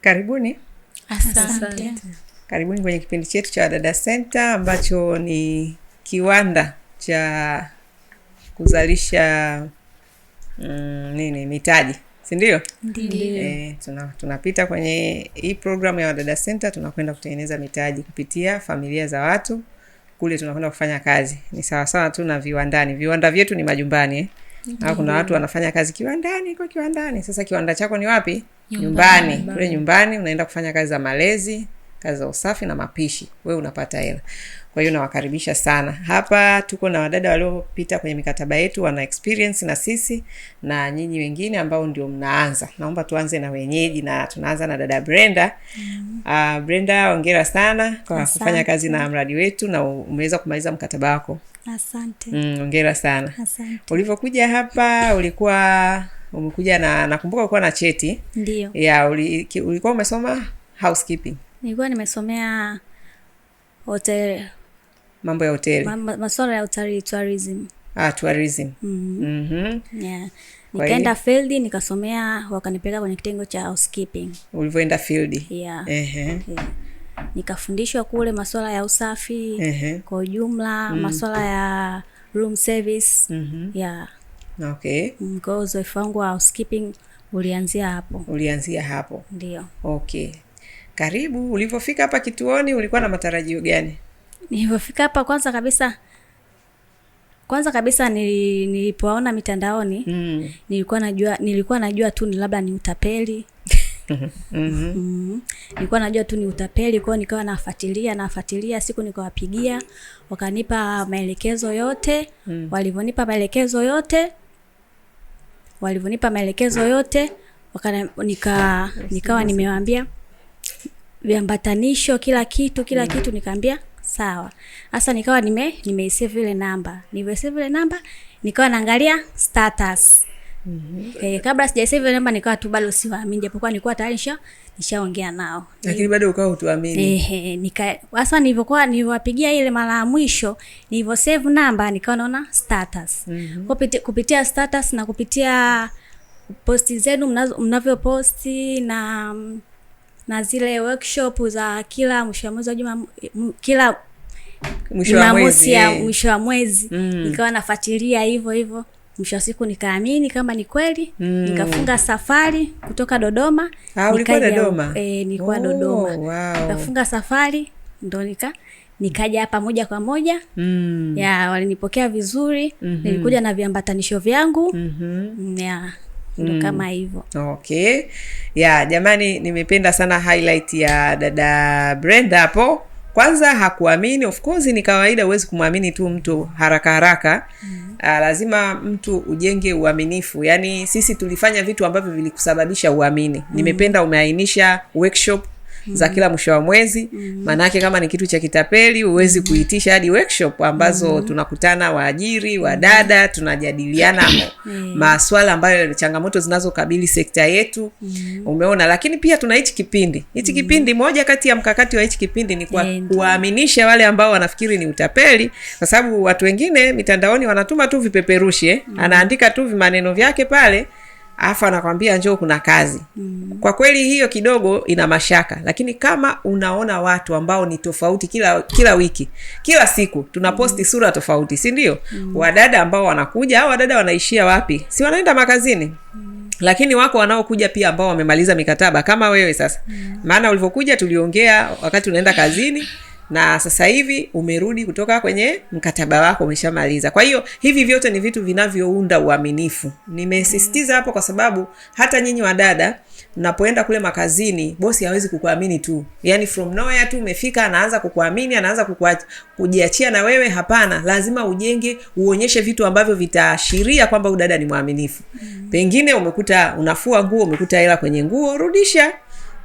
Karibuni. Asante. Karibuni kwenye kipindi chetu cha Wadada Senta ambacho ni kiwanda cha kuzalisha mm, nini mitaji sindio e, eh, tunapita tuna, tunapita kwenye hii programu ya Wadada Senta tunakwenda kutengeneza mitaji kupitia familia za watu kule tunakwenda kufanya kazi. Ni sawasawa tu na viwandani, viwanda vyetu ni majumbani eh? Mhm. au kuna watu wanafanya kazi kiwandani, kwa kiwandani. Sasa kiwanda chako ni wapi? Nyumbani, nyumbani. nyumbani. Kule nyumbani unaenda kufanya kazi za malezi, kazi za usafi na mapishi, we unapata hela. Kwa hiyo nawakaribisha sana hapa. Tuko na wadada waliopita kwenye mikataba yetu, wana experience na sisi na nyinyi wengine ambao ndio mnaanza. Naomba tuanze na wenyeji, na tunaanza na dada Brenda. mm -hmm. Uh, Brenda, ongera sana kwa kufanya kazi na mradi wetu na umeweza kumaliza mkataba wako. Asante. Mm, ongera sana. Asante. Ulivyokuja hapa ulikuwa umekuja na nakumbuka ulikuwa na cheti. Ndio. Ya uli, ulikuwa umesoma housekeeping. Nilikuwa nimesomea hotel mambo ya hoteli. Ma, masuala ya utalii tourism. Ah, tourism. Mhm. Mm mm-hmm. Yeah. Nikaenda field nikasomea, wakanipeleka kwenye kitengo cha housekeeping. Ulivyoenda field. Yeah. Ehe. Uh-huh. Okay nikafundishwa kule masuala ya usafi kwa ujumla mm. masuala ya room service mm -hmm. yeah. okay. Mm, kwa uzoefu wangu wa housekeeping ulianzia hapo. Ulianzia hapo, ndio. Okay, karibu. Ulivyofika hapa kituoni ulikuwa na matarajio gani? Nilivyofika hapa, kwanza kabisa kwanza kabisa nilipoona mitandaoni mm. nilikuwa najua nilikuwa najua tu ni labda ni utapeli mm -hmm. mm -hmm. Nilikuwa najua tu ni utapeli kwao, nikawa nafuatilia nafuatilia, siku nikawapigia, wakanipa maelekezo yote mm. Walivyonipa maelekezo yote walivyonipa maelekezo yote wakana, nika nikawa nimewambia viambatanisho kila kitu kila mm. kitu nikaambia sawa. Sasa nikawa nime nimeisave ile namba, nimeisave ile namba nikawa naangalia status Mm -hmm. Okay, eh, kabla sijasave namba nikawa tu bado siwaamini, japokuwa nilikuwa tayari nisha nishaongea nao, lakini bado ukawa utuamini. Ehe, nika hasa nilivyokuwa niliwapigia ile mara ya mwisho, nilivyo save namba nikawa naona status mm -hmm. Kupitia, kupitia status na kupitia posti zenu mnavyoposti na na zile workshop za kila mwisho wa mwezi wa juma kila mwisho wa mwezi, mwisho wa mwezi mm. Nikawa nafuatilia hivyo hivyo mwisho wa siku nikaamini kama ni kweli mm. Nikafunga safari kutoka Dodoma ha, ah, Dodoma e, oh, Dodoma wow. Nikafunga safari ndo nika nikaja hapa moja kwa moja mm. ya walinipokea vizuri mm -hmm. Nilikuja na viambatanisho vyangu mm -hmm. ya ndo mm. kama hivyo okay. Ya jamani, nimependa sana highlight ya dada Brenda hapo kwanza hakuamini. Of course ni kawaida, huwezi kumwamini tu mtu haraka haraka mm. Mm-hmm. Aa, ah, lazima mtu ujenge uaminifu. Yani sisi tulifanya vitu ambavyo vilikusababisha uamini mm. Nimependa umeainisha workshop mm. za kila mwisho wa mwezi mm. kama ni kitu cha kitapeli huwezi kuitisha hadi workshop ambazo mm. tunakutana waajiri wadada tunajadiliana mm. maswala ambayo changamoto zinazokabili sekta yetu mm. umeona, lakini pia tuna hichi kipindi hichi mm. moja kati ya mkakati wa hichi kipindi ni kuwaaminisha wale ambao wanafikiri ni utapeli, kwa sababu watu wengine mitandaoni wanatuma tu vipeperushi eh? mm. anaandika tu vimaneno vyake pale afu anakwambia njoo, kuna kazi mm. Kwa kweli hiyo kidogo ina mashaka, lakini kama unaona watu ambao ni tofauti kila kila wiki kila siku tunaposti mm. sura tofauti, si mm. Wadada ambao wanakuja au wadada wanaishia wapi? Si wanaenda makazini mm lakini wako wanaokuja pia ambao wamemaliza mikataba kama wewe sasa. Mm. Maana mm. ulivyokuja tuliongea wakati unaenda kazini na sasa hivi umerudi kutoka kwenye mkataba wako umeshamaliza. Kwa hiyo hivi vyote ni vitu vinavyounda uaminifu. Nimesisitiza hapo kwa sababu hata nyinyi wadada mnapoenda kule makazini, bosi hawezi kukuamini tu, yani from nowhere tu umefika, anaanza kukuamini, anaanza kujiachia na wewe. Hapana, lazima ujenge, uonyeshe vitu ambavyo vitaashiria kwamba udada ni mwaminifu. Mm. Pengine umekuta unafua nguo, umekuta hela kwenye nguo, rudisha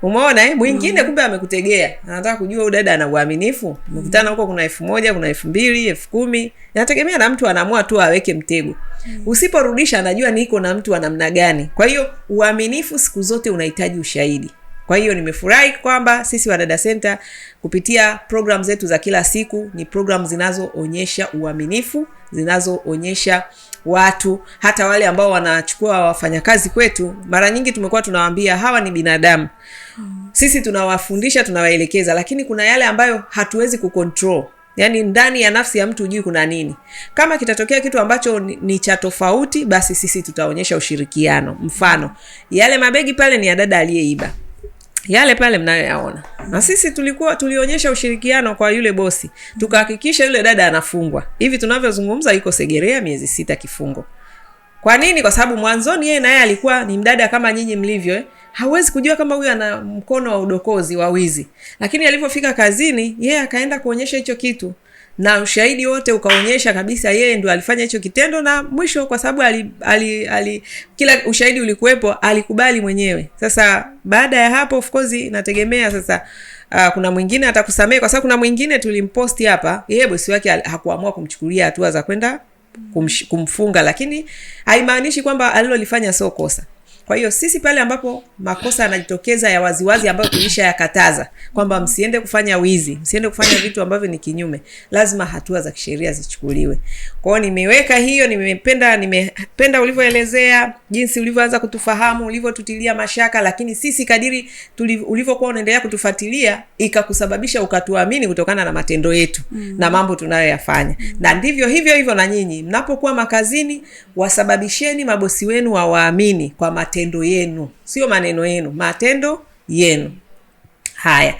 Umeona eh? Mwingine mm. kumbe amekutegea. Anataka kujua huyu dada ana uaminifu. Mkutana mm. huko kuna elfu moja, kuna elfu mbili, elfu kumi. nategemea na mtu anaamua tu aweke mtego. Mm. Usiporudisha anajua niko na mtu wa namna gani. Kwa hiyo uaminifu siku zote unahitaji ushahidi. Kwa hiyo nimefurahi kwamba sisi Wadada Center kupitia programu zetu za kila siku ni programu zinazoonyesha uaminifu, zinazoonyesha watu, hata wale ambao wanachukua wafanyakazi kwetu, mara nyingi tumekuwa tunawaambia hawa ni binadamu. Sisi tunawafundisha, tunawaelekeza, lakini kuna yale ambayo hatuwezi kukontrol Yaani, ndani ya nafsi ya mtu hujui kuna nini. Kama kitatokea kitu ambacho ni cha tofauti, basi sisi tutaonyesha ushirikiano. Mfano, yale mabegi pale ni ya dada aliyeiba yale pale mnayoyaona, na sisi tulikuwa tulionyesha ushirikiano kwa yule bosi, tukahakikisha yule dada anafungwa. Hivi tunavyozungumza iko Segerea miezi sita kifungo. Kwa nini? Kwa sababu mwanzoni yeye naye alikuwa ni mdada kama nyinyi mlivyo eh? Hawezi kujua kama huyu ana mkono wa udokozi wa wizi, lakini alivyofika kazini yeye akaenda kuonyesha hicho kitu na ushahidi wote ukaonyesha kabisa yeye ndo alifanya hicho kitendo, na mwisho kwa sababu ali, ali, ali, kila ushahidi ulikuwepo, alikubali mwenyewe. Sasa baada ya hapo, of course nategemea sasa Uh, kuna mwingine atakusamehe kwa sababu kuna mwingine tulimposti hapa, yeye bosi wake hakuamua kumchukulia hatua za kwenda kumfunga, lakini haimaanishi kwamba alilolifanya sio kosa. Kwa hiyo sisi pale ambapo makosa yanajitokeza ya waziwazi ambayo tulisha yakataza kwamba msiende kufanya wizi, msiende kufanya vitu ambavyo ni kinyume, lazima hatua za kisheria zichukuliwe. Kwa hiyo nimeweka hiyo, nimependa nimependa ulivyoelezea jinsi ulivyoanza kutufahamu, ulivyotutilia mashaka, lakini sisi kadiri ulivyokuwa unaendelea kutufuatilia ikakusababisha ukatuamini kutokana na matendo yetu mm. hmm na mambo tunayoyafanya mm. hmm na ndivyo hivyo hivyo na nyinyi mnapokuwa makazini, wasababisheni mabosi wenu wawaamini kwa matendo yenu, sio maneno yenu, matendo yenu. Haya,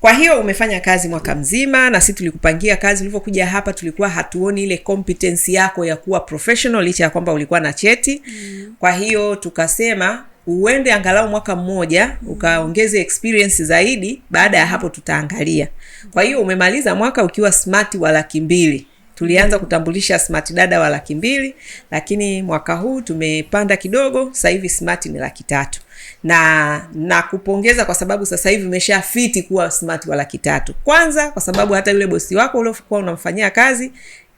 kwa hiyo umefanya kazi mwaka mzima, na sisi tulikupangia kazi. Ulivyokuja hapa, tulikuwa hatuoni ile competence yako ya kuwa professional, licha ya kwamba ulikuwa na cheti. Mm. Kwa hiyo tukasema uende angalau mwaka mmoja ukaongeze experience zaidi. Baada ya hapo, tutaangalia. Kwa hiyo umemaliza mwaka ukiwa smart wa laki mbili tulianza kutambulisha smart dada wa laki mbili, lakini mwaka huu tumepanda kidogo, sasa hivi smart ni laki tatu na nakupongeza kwa sababu sasa hivi umeshafiti kuwa smart wa laki tatu. Kwanza kwa sababu hata yule bosi wako uliokuwa unamfanyia kazi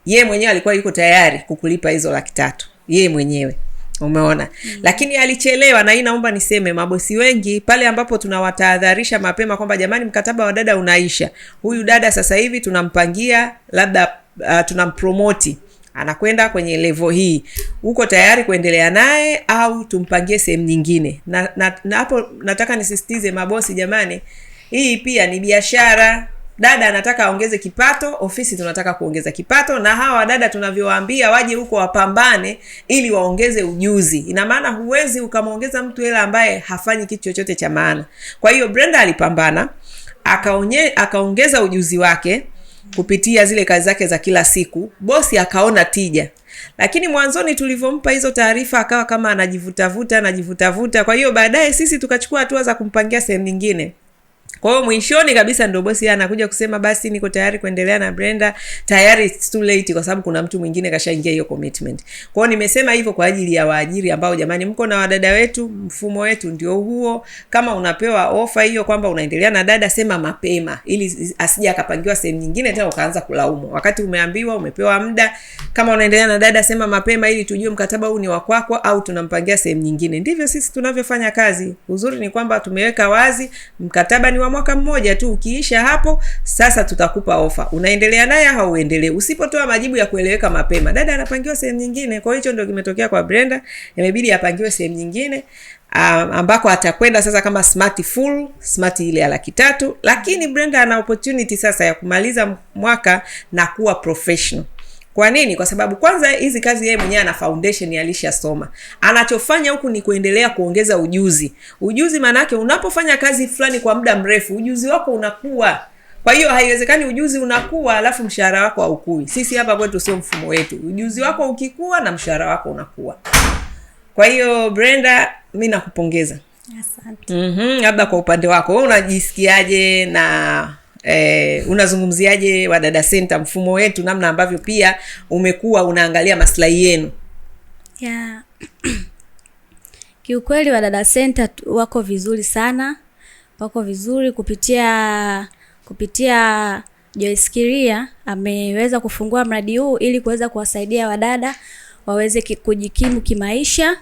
ye mwenyewe alikuwa yuko tayari kukulipa hizo laki tatu ye mwenyewe umeona mm. Lakini alichelewa, na hii naomba niseme, mabosi wengi pale ambapo tunawatahadharisha mapema kwamba jamani, mkataba wa dada unaisha, huyu dada sasa hivi tunampangia labda uh, tunampromoti anakwenda kwenye levo hii, huko tayari kuendelea naye au tumpangie sehemu nyingine? Na, na, na hapo nataka nisisitize mabosi, jamani, hii pia ni biashara. Dada anataka aongeze kipato, ofisi tunataka kuongeza kipato, na hawa dada tunavyowaambia waje huko wapambane ili waongeze ujuzi. Ina maana huwezi ukamwongeza mtu hela ambaye hafanyi kitu chochote cha maana. Kwa hiyo Brenda alipambana akaonye, akaongeza ujuzi wake kupitia zile kazi zake za kila siku, bosi akaona tija. Lakini mwanzoni tulivyompa hizo taarifa akawa kama anajivutavuta anajivutavuta. Kwa hiyo baadaye sisi tukachukua hatua za kumpangia sehemu nyingine. Kwa hiyo mwishoni kabisa ndio bosi anakuja kusema basi niko tayari kuendelea na Brenda, tayari it's too late kwa sababu kuna mtu mwingine kashaingia hiyo commitment. Kwa nimesema hivyo kwa ajili ya waajiri ambao, jamani, mko na wadada wetu, mfumo wetu ndio huo. Kama unapewa ofa hiyo kwamba unaendelea na dada, sema mapema ili asija akapangiwa sehemu nyingine tena ukaanza kulaumu. Wakati umeambiwa, umepewa muda, kama unaendelea na dada sema mapema ili tujue mkataba huu ni wa kwako au tunampangia sehemu nyingine. Ndivyo sisi tunavyofanya kazi. Uzuri ni kwamba tumeweka wazi mkataba ni wa mwaka mmoja tu, ukiisha hapo sasa tutakupa ofa. Unaendelea naye au uendelee? Usipotoa majibu ya kueleweka mapema, dada anapangiwa sehemu nyingine. Kwa hicho ndio kimetokea kwa Brenda, imebidi apangiwe sehemu nyingine Um, ambako atakwenda sasa kama smart full smart ile ya laki tatu, lakini Brenda ana opportunity sasa ya kumaliza mwaka na kuwa professional. Kwa nini? Kwa sababu kwanza hizi kazi yeye mwenyewe ana foundation alishasoma. Anachofanya huku ni kuendelea kuongeza ujuzi. Ujuzi maanaake unapofanya kazi fulani kwa muda mrefu, ujuzi wako unakuwa. Kwa hiyo haiwezekani ujuzi unakuwa alafu mshahara wako haukui. Sisi hapa kwetu sio mfumo wetu. Ujuzi wako ukikua na mshahara wako unakuwa. Kwa hiyo Brenda, mi nakupongeza. Asante. Mhm, labda kwa upande wako wewe unajisikiaje na Eh, unazungumziaje Wadada senta mfumo wetu, namna ambavyo pia umekuwa unaangalia maslahi yenu? Yeah. Kiukweli Wadada senta wako vizuri sana, wako vizuri kupitia kupitia Joyce ameweza kufungua mradi huu ili kuweza kuwasaidia wadada waweze kujikimu kimaisha,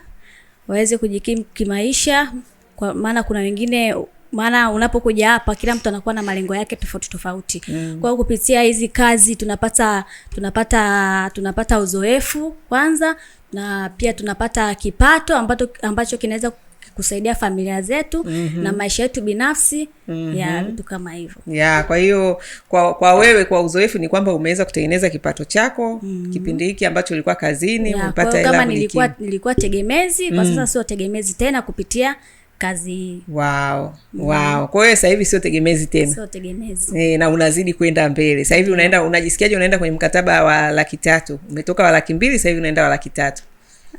waweze kujikimu kimaisha, kwa maana kuna wengine maana unapokuja hapa kila mtu anakuwa na malengo yake tofauti tofauti. Mm. Kwa kupitia hizi kazi tunapata tunapata tunapata uzoefu kwanza, na pia tunapata kipato ambacho ambacho kinaweza kusaidia familia zetu mm -hmm. na maisha yetu binafsi mm -hmm. ya mhm. vitu kama hivyo ya. Kwa hiyo kwa, kwa wewe kwa uzoefu ni kwamba umeweza kutengeneza kipato chako mm -hmm. kipindi hiki ambacho ulikuwa kazini, umepata hela. Kama nilikuwa nilikuwa tegemezi, kwa mm. sasa sio tegemezi tena kupitia kazi wow, mm. wow. Kwa hiyo sasa hivi sio tegemezi tena, sio tegemezi e, na unazidi kwenda mbele sasa hivi unaenda, unajisikiaje? Unaenda kwenye mkataba wa laki tatu, umetoka wa laki mbili, sasa hivi unaenda wa laki tatu.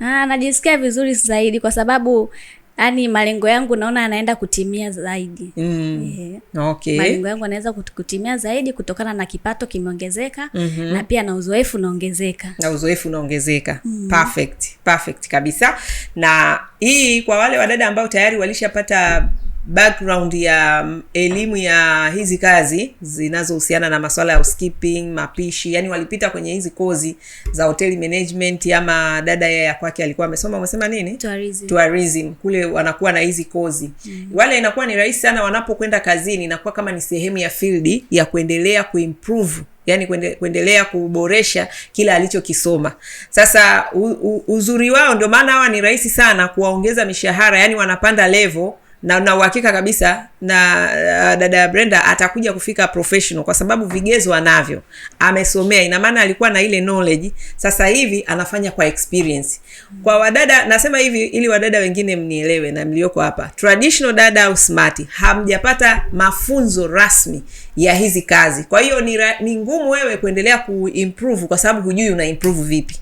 Ah, najisikia vizuri zaidi kwa sababu yani malengo yangu naona anaenda kutimia zaidi. mm. yeah. Okay. Malengo yangu anaweza kutimia zaidi kutokana na kipato kimeongezeka, mm -hmm. na pia na uzoefu unaongezeka, na uzoefu unaongezeka. mm. Perfect perfect kabisa. Na hii kwa wale wadada ambao tayari walishapata background ya mm, elimu ya hizi kazi zinazohusiana na masuala ya skipping mapishi, yani walipita kwenye hizi kozi za hotel management, ama dada yeye ya kwake alikuwa amesoma umesema nini? Tourism. Tourism. Kule wanakuwa na hizi kozi. Mm. Wale inakuwa ni rahisi sana wanapokwenda kazini, inakuwa kama ni sehemu ya field ya kuendelea kuimprove yani kuendelea kuboresha kila alichokisoma. Sasa u, u, uzuri wao ndio maana hawa ni rahisi sana kuwaongeza mishahara, yani wanapanda levo na na uhakika kabisa na uh, dada Brenda atakuja kufika professional kwa sababu vigezo anavyo, amesomea. Ina maana alikuwa na ile knowledge, sasa hivi anafanya kwa experience. Kwa wadada nasema hivi ili wadada wengine mnielewe na mlioko hapa, traditional dada au smart hamjapata mafunzo rasmi ya hizi kazi, kwa hiyo ni, ni ngumu wewe kuendelea kuimprove kwa sababu hujui una improve vipi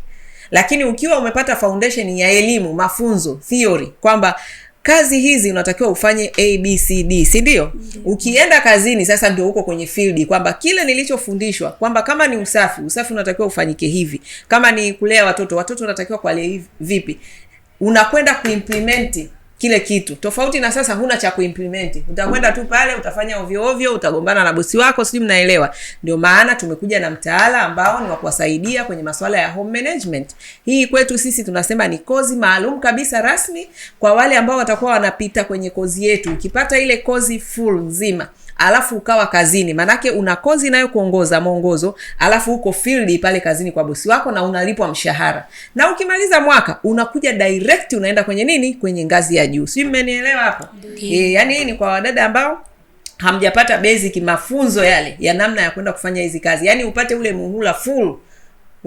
lakini ukiwa umepata foundation ya elimu, mafunzo, theory kwamba kazi hizi unatakiwa ufanye abcd, si ndio? mm -hmm. Ukienda kazini sasa ndio uko kwenye field kwamba kile nilichofundishwa kwamba kama ni usafi, usafi unatakiwa ufanyike hivi, kama ni kulea watoto, watoto unatakiwa kuwalea vipi, unakwenda kuimplimenti kile kitu tofauti na sasa, huna cha kuimplement, utakwenda tu pale utafanya ovyo ovyo, utagombana na bosi wako, sijui mnaelewa. Ndio maana tumekuja na mtaala ambao ni wa kuwasaidia kwenye masuala ya home management. Hii kwetu sisi tunasema ni kozi maalum kabisa rasmi kwa wale ambao watakuwa wanapita kwenye kozi yetu. Ukipata ile kozi full nzima alafu ukawa kazini, manake una kozi inayokuongoza mwongozo, alafu uko field pale kazini kwa bosi wako na unalipwa mshahara, na ukimaliza mwaka unakuja direct unaenda kwenye nini, kwenye ngazi ya juu. Sijui mmenielewa hapo? E, yani hii ni kwa wadada ambao hamjapata basic mafunzo yale ya namna ya kwenda kufanya hizi kazi, yani upate ule muhula full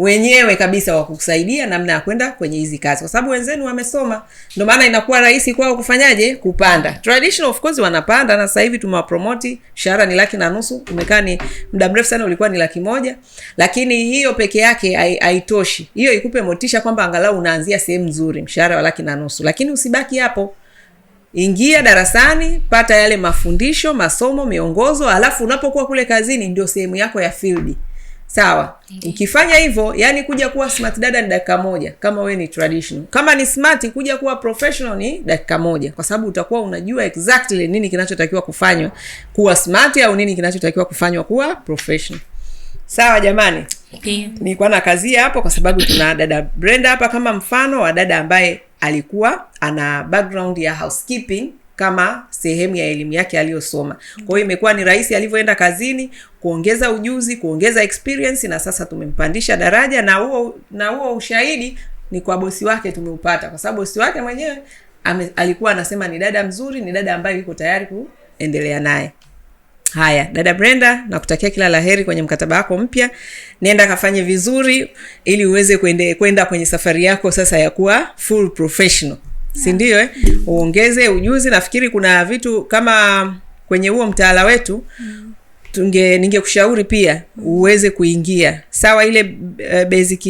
wenyewe kabisa wa kukusaidia namna ya kwenda kwenye hizi kazi, kwa sababu wenzenu wamesoma, ndio maana inakuwa rahisi kwao kufanyaje, kupanda. Traditional of course wanapanda, na sasa hivi tumewapromoti, shahara ni laki na nusu. Umekaa ni muda mrefu sana, ulikuwa ni laki moja, lakini hiyo peke yake haitoshi. Hiyo ikupe motisha kwamba angalau unaanzia sehemu nzuri, mshahara wa laki na nusu, lakini usibaki hapo. Ingia darasani, pata yale mafundisho, masomo, miongozo, alafu unapokuwa kule kazini ndio sehemu yako ya field sawa okay. Ukifanya hivyo, yani kuja kuwa smart dada ni dakika moja, kama we ni traditional. Kama ni smart, kuja kuwa professional ni dakika moja, kwa sababu utakuwa unajua exactly nini kinachotakiwa kufanywa kuwa smart au nini kinachotakiwa kufanywa kuwa professional. Sawa jamani, okay. Nilikuwa na kazia hapo kwa sababu tuna dada Brenda hapa kama mfano wa dada ambaye alikuwa ana background ya housekeeping kama sehemu ya elimu yake aliyosoma. Kwa hiyo mm-hmm. imekuwa ni rahisi alivyoenda kazini kuongeza ujuzi, kuongeza experience, na sasa tumempandisha daraja, na huo na huo ushahidi ni kwa bosi wake tumeupata, kwa sababu bosi wake mwenyewe ame, alikuwa anasema ni dada mzuri, ni dada ambaye yuko tayari kuendelea naye. Haya, dada Brenda, nakutakia kila laheri kwenye mkataba wako mpya. nienda kafanye vizuri, ili uweze kwenda kwenye safari yako sasa ya kuwa full professional si ndio eh? Uongeze ujuzi. Nafikiri kuna vitu kama kwenye huo mtaala wetu tunge ningekushauri pia uweze kuingia sawa ile eh, basic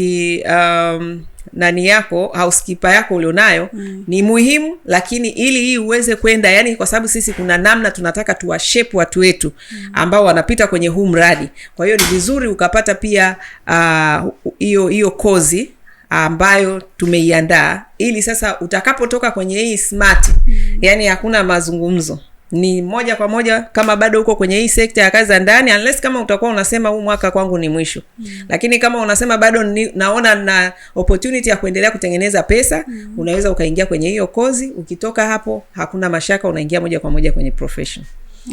um, nani yako housekeeper yako ulionayo mm. ni muhimu, lakini ili hii uweze kwenda, yani kwa sababu sisi kuna namna tunataka tuwashepu watu wetu ambao wanapita kwenye huu mradi. Kwa hiyo ni vizuri ukapata pia ah, hiyo uh, hiyo kozi ambayo tumeiandaa ili sasa utakapotoka kwenye hii smart mm. yani hakuna mazungumzo ni moja kwa moja kama bado huko kwenye hii sekta ya kazi za ndani, unless kama utakuwa unasema huu mwaka kwangu ni mwisho mm. Lakini kama unasema bado ni, naona na opportunity ya kuendelea kutengeneza pesa mm. Unaweza ukaingia kwenye hiyo kozi. Ukitoka hapo, hakuna mashaka, unaingia moja kwa moja kwenye profession.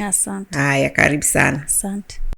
Asante. Haya, karibu sana. Asante.